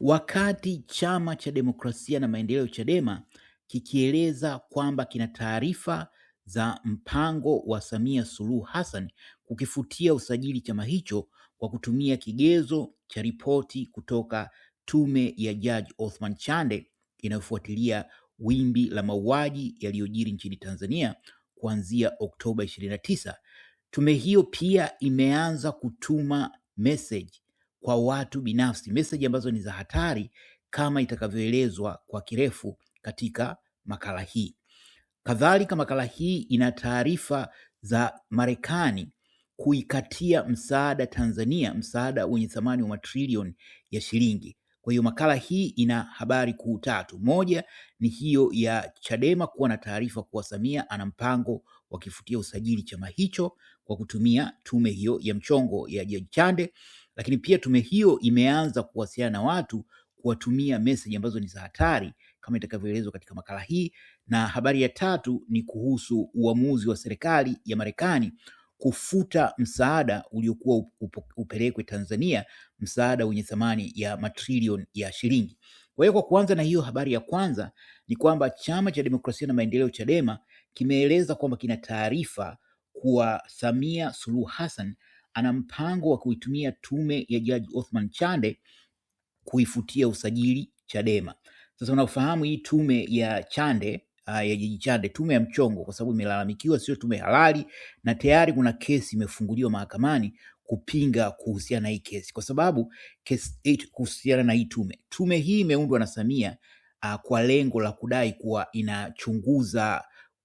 Wakati chama cha demokrasia na maendeleo Chadema kikieleza kwamba kina taarifa za mpango wa Samia Suluhu Hassan kukifutia usajili chama hicho kwa kutumia kigezo cha ripoti kutoka tume ya Jaji Othman Chande inayofuatilia wimbi la mauaji yaliyojiri nchini Tanzania kuanzia Oktoba 29. Tume hiyo pia imeanza kutuma message kwa watu binafsi, meseji ambazo ni za hatari kama itakavyoelezwa kwa kirefu katika makala hii. Kadhalika, makala hii ina taarifa za Marekani kuikatia msaada Tanzania, msaada wenye thamani wa matrilioni ya shilingi. Kwa hiyo makala hii ina habari kuu tatu. Moja ni hiyo ya Chadema kuwa na taarifa kuwa Samia ana mpango wa kifutia usajili chama hicho kwa kutumia tume hiyo ya mchongo ya Jaji Chande. Lakini pia tume hiyo imeanza kuwasiliana na watu kuwatumia meseji ambazo ni za hatari kama itakavyoelezwa katika makala hii. Na habari ya tatu ni kuhusu uamuzi wa serikali ya Marekani kufuta msaada uliokuwa upelekwe Tanzania, msaada wenye thamani ya matrilion ya shilingi. Kwa hiyo, kwa kuanza na hiyo habari ya kwanza ni kwamba Chama cha Demokrasia na Maendeleo Chadema kimeeleza kwamba kina taarifa kuwa Samia Suluhu Hassan ana mpango wa kuitumia tume ya Jaji Othman Chande kuifutia usajili Chadema. Sasa unafahamu hii tume ya Chande uh, ya Jaji Chande, tume ya mchongo, kwa sababu imelalamikiwa sio tume halali, na tayari kuna kesi imefunguliwa mahakamani kupinga kuhusiana na hii kesi, kwa sababu kesi eh, kuhusiana na hii tume, tume hii imeundwa na Samia uh, kwa lengo la kudai kuwa inachunguza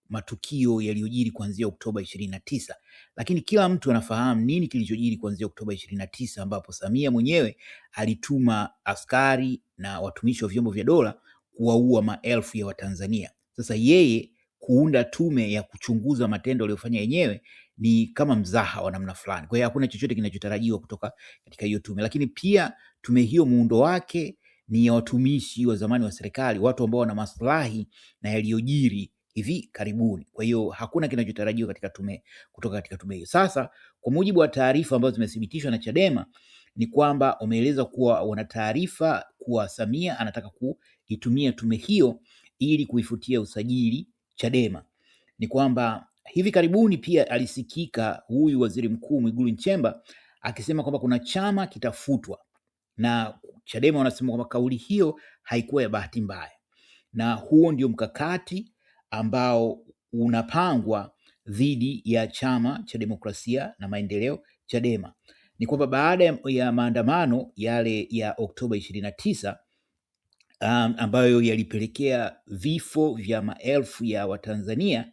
matukio yaliyojiri kuanzia Oktoba ishirini na tisa lakini kila mtu anafahamu nini kilichojiri kuanzia Oktoba ishirini na tisa ambapo Samia mwenyewe alituma askari na watumishi wa vyombo vya dola kuwaua maelfu ya Watanzania. Sasa yeye kuunda tume ya kuchunguza matendo aliyofanya yenyewe ni kama mzaha wa namna fulani. Kwa hiyo hakuna chochote kinachotarajiwa kutoka katika hiyo tume, lakini pia tume hiyo muundo wake ni ya watumishi wa zamani wa serikali, watu ambao wana maslahi na yaliyojiri hivi karibuni. Kwa hiyo hakuna kinachotarajiwa katika tume kutoka katika tume hiyo. Sasa kwa mujibu wa taarifa ambazo zimethibitishwa na Chadema ni kwamba wameeleza kuwa wana taarifa kuwa Samia anataka kuitumia tume hiyo ili kuifutia usajili Chadema. Ni kwamba hivi karibuni pia alisikika huyu waziri mkuu Mwigulu Nchemba akisema kwamba kuna chama kitafutwa, na Chadema wanasema kwamba kauli hiyo haikuwa ya bahati mbaya, na huo ndio mkakati ambao unapangwa dhidi ya chama cha demokrasia na maendeleo Chadema ni kwamba baada ya maandamano yale ya Oktoba ishirini na tisa um, ambayo yalipelekea vifo vya maelfu ya Watanzania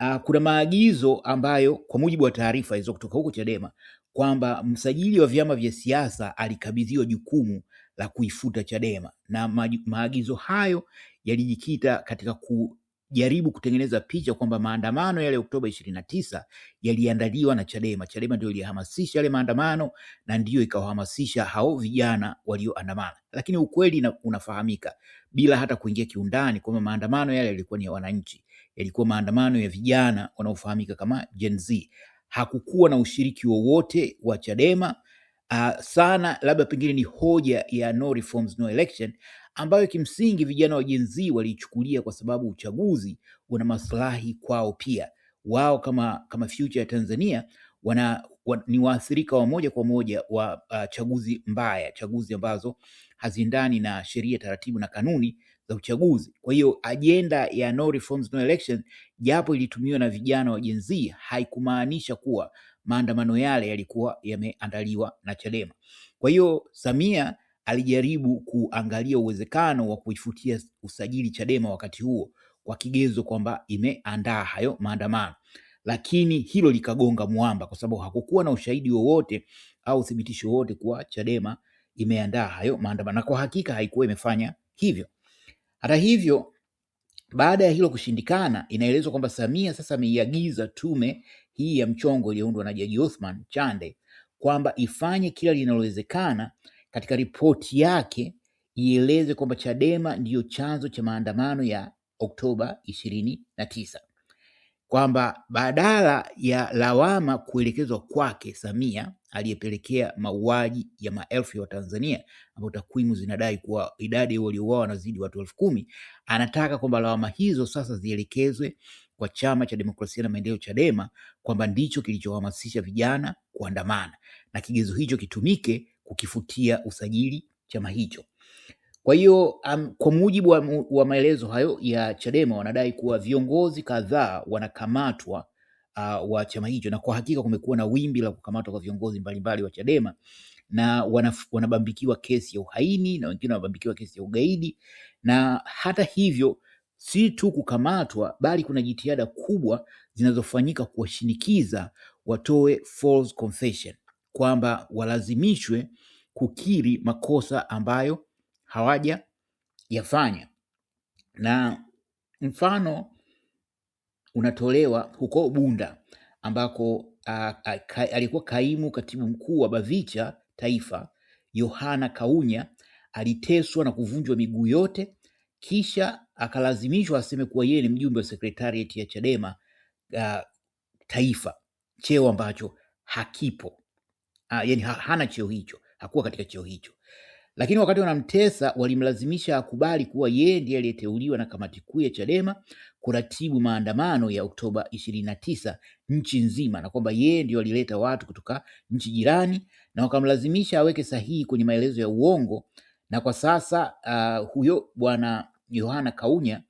uh, kuna maagizo ambayo kwa mujibu wa taarifa hizo kutoka huko Chadema kwamba msajili wa vyama vya siasa alikabidhiwa jukumu la kuifuta Chadema na maagizo hayo yalijikita katika ku jaribu kutengeneza picha kwamba maandamano yale Oktoba ishirini na tisa yaliandaliwa na Chadema. Chadema ndio ilihamasisha yale maandamano na ndiyo ikawahamasisha hao vijana walioandamana, lakini ukweli na unafahamika bila hata kuingia kiundani kwamba maandamano yale yalikuwa ni ya wananchi, yalikuwa maandamano ya vijana wanaofahamika kama Gen Z. Hakukuwa na ushiriki wowote wa Chadema uh, sana labda pengine ni hoja ya no reforms no election ambayo kimsingi vijana wa Gen Z waliichukulia kwa sababu uchaguzi una maslahi kwao pia. Wao kama, kama future ya Tanzania wana, wa, ni waathirika wa moja kwa moja wa uh, chaguzi mbaya, chaguzi ambazo hazindani na sheria, taratibu na kanuni za uchaguzi. Kwa hiyo ajenda ya no reforms, no election japo ilitumiwa na vijana wa Gen Z haikumaanisha kuwa maandamano yale yalikuwa yameandaliwa na Chadema. Kwa hiyo Samia alijaribu kuangalia uwezekano wa kuifutia usajili Chadema wakati huo kwa kigezo kwamba imeandaa hayo maandamano, lakini hilo likagonga mwamba kwa sababu hakukuwa na ushahidi wowote au uthibitisho wowote kuwa Chadema imeandaa hayo maandamano, na kwa hakika haikuwa imefanya hivyo. Hata hivyo, baada ya hilo kushindikana, inaelezwa kwamba Samia sasa ameiagiza tume hii ya mchongo iliyoundwa na Jaji Othman Chande kwamba ifanye kila linalowezekana katika ripoti yake ieleze kwamba Chadema ndiyo chanzo cha maandamano ya Oktoba ishirini na tisa, kwamba badala ya lawama kuelekezwa kwake Samia aliyepelekea mauaji ya maelfu ya Watanzania ambao takwimu zinadai kuwa idadi waliouawa wanazidi watu elfu kumi, anataka kwamba lawama hizo sasa zielekezwe kwa chama cha demokrasia na maendeleo Chadema kwamba ndicho kilichohamasisha vijana kuandamana na kigezo hicho kitumike kukifutia usajili chama hicho. Kwa hiyo um, kwa mujibu wa, wa maelezo hayo ya Chadema wanadai kuwa viongozi kadhaa wanakamatwa uh, wa chama hicho, na kwa hakika kumekuwa na wimbi la kukamatwa kwa viongozi mbalimbali wa Chadema na wanaf, wanabambikiwa kesi ya uhaini na wengine wanabambikiwa kesi ya ugaidi, na hata hivyo si tu kukamatwa, bali kuna jitihada kubwa zinazofanyika kuwashinikiza watoe false confession, kwamba walazimishwe kukiri makosa ambayo hawaja yafanya, na mfano unatolewa huko Bunda ambako a, a, ka, alikuwa kaimu katibu mkuu wa BAVICHA taifa Yohana Kaunya aliteswa na kuvunjwa miguu yote kisha akalazimishwa aseme kuwa yeye ni mjumbe wa sekretariati ya Chadema uh, taifa, cheo ambacho hakipo uh, yani hana cheo hicho, hakuwa katika cheo hicho. Lakini wakati wanamtesa walimlazimisha akubali kuwa yeye ndiye aliyeteuliwa na kamati kuu ya Chadema kuratibu maandamano ya Oktoba ishirini na tisa nchi nzima, na kwamba yeye ndio alileta watu kutoka nchi jirani, na wakamlazimisha aweke sahihi kwenye maelezo ya uongo na kwa sasa uh, huyo bwana Yohana Kaunya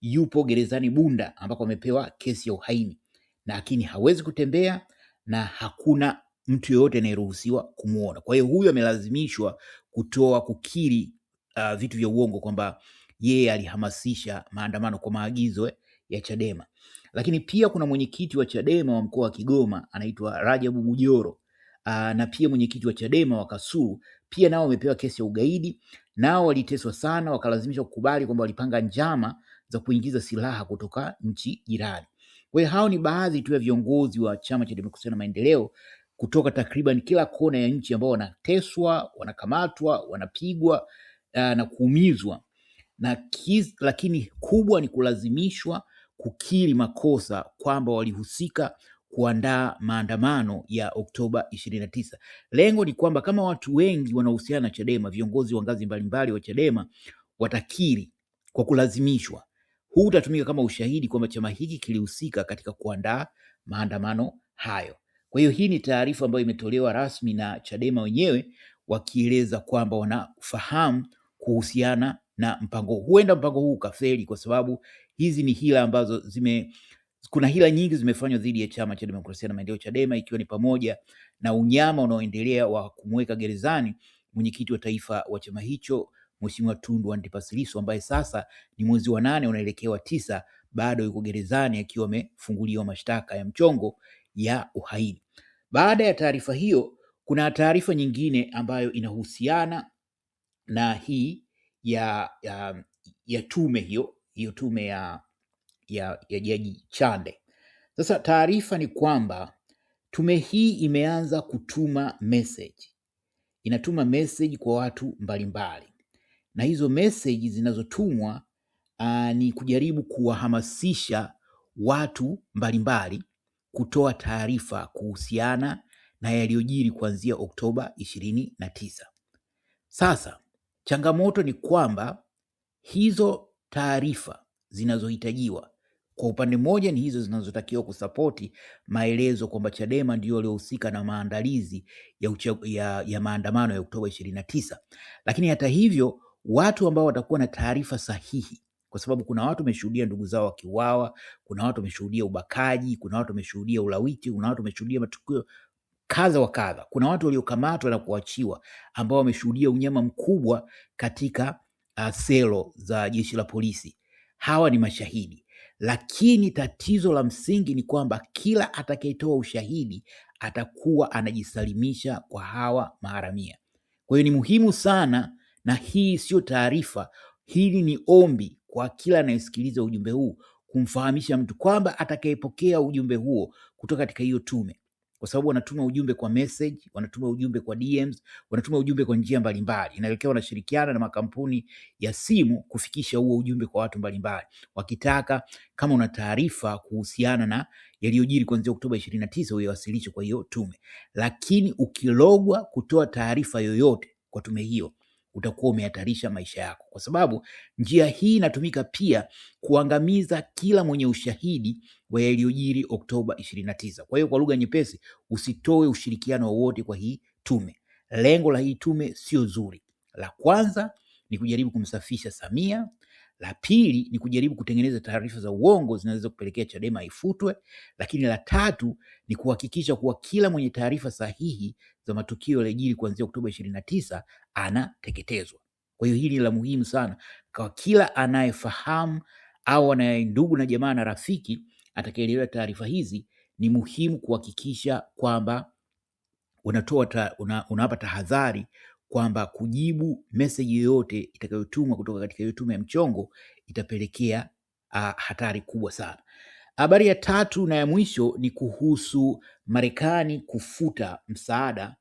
yupo gerezani Bunda ambako amepewa kesi ya uhaini, lakini hawezi kutembea na hakuna mtu yoyote anayeruhusiwa kumwona. Kwa hiyo huyu amelazimishwa kutoa kukiri uh, vitu vya uongo kwamba yeye alihamasisha maandamano kwa maagizo eh, ya Chadema. Lakini pia kuna mwenyekiti wa Chadema wa mkoa wa Kigoma anaitwa Rajabu Bujoro uh, na pia mwenyekiti wa Chadema wa Kasulu pia nao wamepewa kesi ya ugaidi. Nao waliteswa sana, wakalazimishwa kukubali kwamba walipanga njama za kuingiza silaha kutoka nchi jirani. Kwa hiyo hao ni baadhi tu ya viongozi wa Chama cha Demokrasia na Maendeleo kutoka takriban kila kona ya nchi ambao wanateswa, wanakamatwa, wanapigwa eh, na kuumizwa na kiz, lakini kubwa ni kulazimishwa kukiri makosa kwamba walihusika kuandaa maandamano ya Oktoba 29. Lengo ni kwamba kama watu wengi wanaohusiana na Chadema, viongozi wa ngazi mbalimbali wa Chadema watakiri kwa kulazimishwa, huu utatumika kama ushahidi kwamba chama hiki kilihusika katika kuandaa maandamano hayo. Kwa hiyo hii ni taarifa ambayo imetolewa rasmi na Chadema wenyewe wakieleza kwamba wanafahamu kuhusiana na mpango. Huenda mpango huu ukafeli kwa sababu hizi ni hila ambazo zime kuna hila nyingi zimefanywa dhidi ya chama cha demokrasia na maendeleo Chadema, ikiwa ni pamoja na unyama unaoendelea wa kumweka gerezani mwenyekiti wa taifa wa chama hicho Mheshimiwa Tundu Antipas Lissu ambaye sasa ni mwezi wa nane unaelekea wa tisa, bado yuko gerezani akiwa amefunguliwa mashtaka ya mchongo ya uhaini. Baada ya taarifa hiyo, kuna taarifa nyingine ambayo inahusiana na hii ya, ya, ya tume hiyo hiyo tume ya ya, ya Jaji Chande. Sasa taarifa ni kwamba tume hii imeanza kutuma message, inatuma message kwa watu mbalimbali, na hizo message zinazotumwa uh, ni kujaribu kuwahamasisha watu mbalimbali kutoa taarifa kuhusiana na yaliyojiri kuanzia Oktoba ishirini na tisa. Sasa changamoto ni kwamba hizo taarifa zinazohitajiwa kwa upande mmoja ni hizo zinazotakiwa kusapoti maelezo kwamba Chadema ndio waliohusika na maandalizi ya, uche, ya, ya maandamano ya Oktoba ishirini na tisa, lakini hata hivyo watu ambao watakuwa na taarifa sahihi kwa sababu kuna watu wameshuhudia ndugu zao wakiuawa, kuna watu wameshuhudia ubakaji, kuna watu wameshuhudia ulawiti, kuna watu wameshuhudia matukio kadha wa kadha, kuna watu waliokamatwa na kuachiwa ambao wameshuhudia unyama mkubwa katika uh, selo za jeshi la polisi. Hawa ni mashahidi. Lakini tatizo la msingi ni kwamba kila atakayetoa ushahidi atakuwa anajisalimisha kwa hawa maharamia. Kwa hiyo ni muhimu sana, na hii sio taarifa, hili ni ombi kwa kila anayesikiliza ujumbe huu kumfahamisha mtu kwamba atakayepokea ujumbe huo kutoka katika hiyo tume kwa sababu wanatuma ujumbe kwa message, wanatuma ujumbe kwa DMs, wanatuma ujumbe kwa njia mbalimbali. Inaelekea wanashirikiana na makampuni ya simu kufikisha huo ujumbe kwa watu mbalimbali, wakitaka kama una taarifa kuhusiana na yaliyojiri kuanzia Oktoba ishirini na tisa uyawasilishe kwa hiyo tume, lakini ukilogwa kutoa taarifa yoyote kwa tume hiyo utakuwa umehatarisha maisha yako, kwa sababu njia hii inatumika pia kuangamiza kila mwenye ushahidi wa yaliyojiri Oktoba 29. Kwa hiyo kwa lugha nyepesi, usitoe ushirikiano wowote kwa hii tume. Lengo la hii tume sio zuri. La kwanza ni kujaribu kumsafisha Samia. La pili ni kujaribu kutengeneza taarifa za uongo zinaweza kupelekea Chadema ifutwe, lakini la tatu ni kuhakikisha kuwa kila mwenye taarifa sahihi za matukio yaliyojiri kuanzia Oktoba ishirini na tisa anateketezwa. Kwa hiyo hili ni la muhimu sana kwa kila anayefahamu au anaye ndugu na jamaa na rafiki atakayeelewa taarifa hizi. Ni muhimu kuhakikisha kwamba unatoa ta, una, unawapa tahadhari kwamba kujibu meseji yoyote itakayotumwa kutoka katika hiyo tume ya mchongo itapelekea uh, hatari kubwa sana. Habari ya tatu na ya mwisho ni kuhusu Marekani kufuta msaada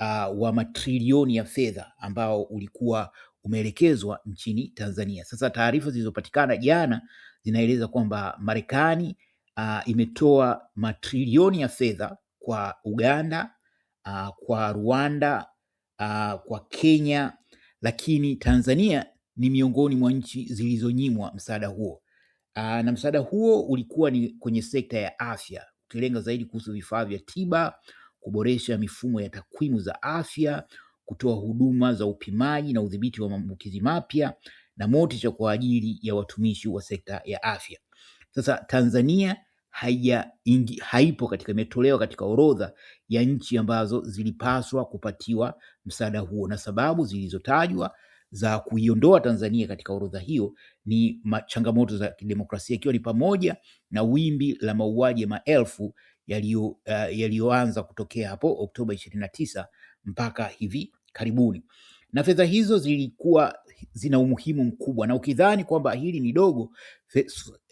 uh, wa matrilioni ya fedha ambao ulikuwa umeelekezwa nchini Tanzania. Sasa taarifa zilizopatikana jana zinaeleza kwamba Marekani uh, imetoa matrilioni ya fedha kwa Uganda uh, kwa Rwanda uh, kwa Kenya, lakini Tanzania ni miongoni mwa nchi zilizonyimwa msaada huo. Uh, na msaada huo ulikuwa ni kwenye sekta ya afya, ukilenga zaidi kuhusu vifaa vya tiba, kuboresha mifumo ya takwimu za afya, kutoa huduma za upimaji na udhibiti wa maambukizi mapya na motisha kwa ajili ya watumishi wa sekta ya afya. Sasa Tanzania haya ingi, haipo katika imetolewa katika orodha ya nchi ambazo zilipaswa kupatiwa msaada huo, na sababu zilizotajwa za kuiondoa Tanzania katika orodha hiyo ni changamoto za kidemokrasia, ikiwa ni pamoja na wimbi la mauaji ya maelfu eh, yaliyoanza uh, kutokea hapo Oktoba ishirini na tisa mpaka hivi karibuni na fedha hizo zilikuwa zina umuhimu mkubwa, na ukidhani kwamba hili ni dogo,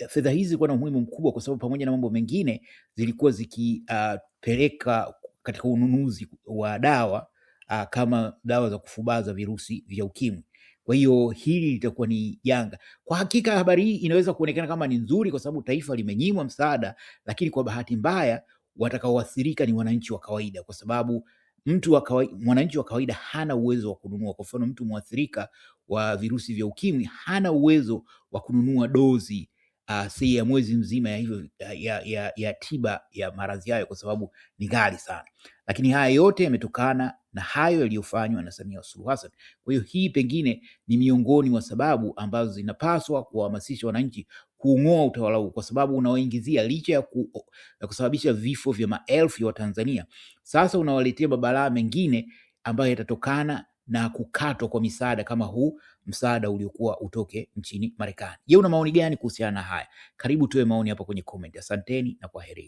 fedha hizi zilikuwa na umuhimu mkubwa, kwa sababu pamoja na mambo mengine zilikuwa zikipeleka ah, uh, katika ununuzi wa dawa uh, kama dawa za kufubaza virusi vya ukimwi. Kwa hiyo hili litakuwa ni janga. Kwa hakika, habari hii inaweza kuonekana kama ni nzuri, kwa sababu taifa limenyimwa msaada, lakini kwa bahati mbaya watakaoathirika ni wananchi wa kawaida, kwa sababu mtu wa kawaida, mwananchi wa kawaida hana uwezo wa kununua. Kwa mfano, mtu mwathirika wa virusi vya ukimwi hana uwezo wa kununua dozi uh, ah, sei ya mwezi mzima ya hivyo ya, ya, ya tiba ya maradhi hayo kwa sababu ni ghali sana. Lakini haya yote yametokana na hayo yaliyofanywa na Samia Suluhu Hassan. Kwa hiyo hii pengine ni miongoni mwa sababu ambazo zinapaswa kuwahamasisha wananchi kuung'oa utawala huu, kwa sababu unawaingizia licha ya, ku, ya kusababisha vifo vya maelfu ya Watanzania, sasa unawaletea mabalaa mengine ambayo yatatokana na kukatwa kwa misaada kama huu msaada uliokuwa utoke nchini Marekani. Je, una maoni gani kuhusiana na haya? Karibu tuwe maoni hapa kwenye comment. Asanteni na kwaheri.